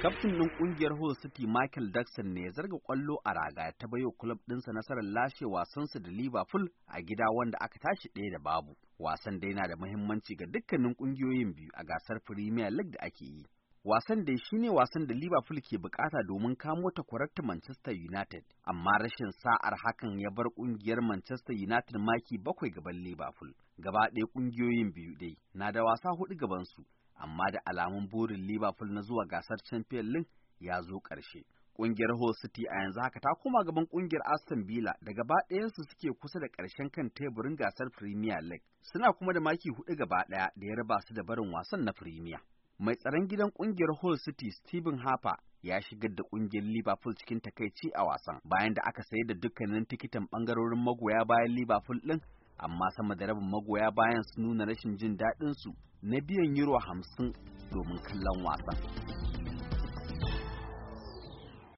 Kaftin ɗin ƙungiyar Hull City Michael Jackson ne ya zarga ƙwallo a raga ta bayo club ɗinsa nasarar lashe wasansu da Liverpool a gida wanda aka tashi ɗaya da babu. Wasan dai na da muhimmanci ga dukkanin ƙungiyoyin biyu a gasar Premier League da ake yi. Wasan dai shine wasan da Liverpool ke bukata domin kamo ta kwararta Manchester United, amma rashin sa'ar hakan ya bar ƙungiyar Manchester United maki bakwai gaban Liverpool. Gaba ɗaya ƙungiyoyin biyu dai na da wasa hudu gabansu, amma da alamun burin Liverpool na zuwa gasar Champions League ya zo ƙarshe. Ƙungiyar Hull City a yanzu haka ta koma gaban ƙungiyar Aston Villa da gaba ɗayansu suke kusa da ƙarshen kan teburin gasar Premier League. Suna kuma da maki huɗu gaba ɗaya da ya raba su da barin wasan na Premier. Mai tsaron gidan ƙungiyar Hull City Stephen Harper ya shigar da ƙungiyar Liverpool cikin takaici a wasan bayan da aka sayar da dukkanin tikitin ɓangarorin magoya bayan Liverpool ɗin amma sama da rabin magoya bayan su nuna rashin jin daɗinsu. su na biyan euro hamsin domin kallon wasan.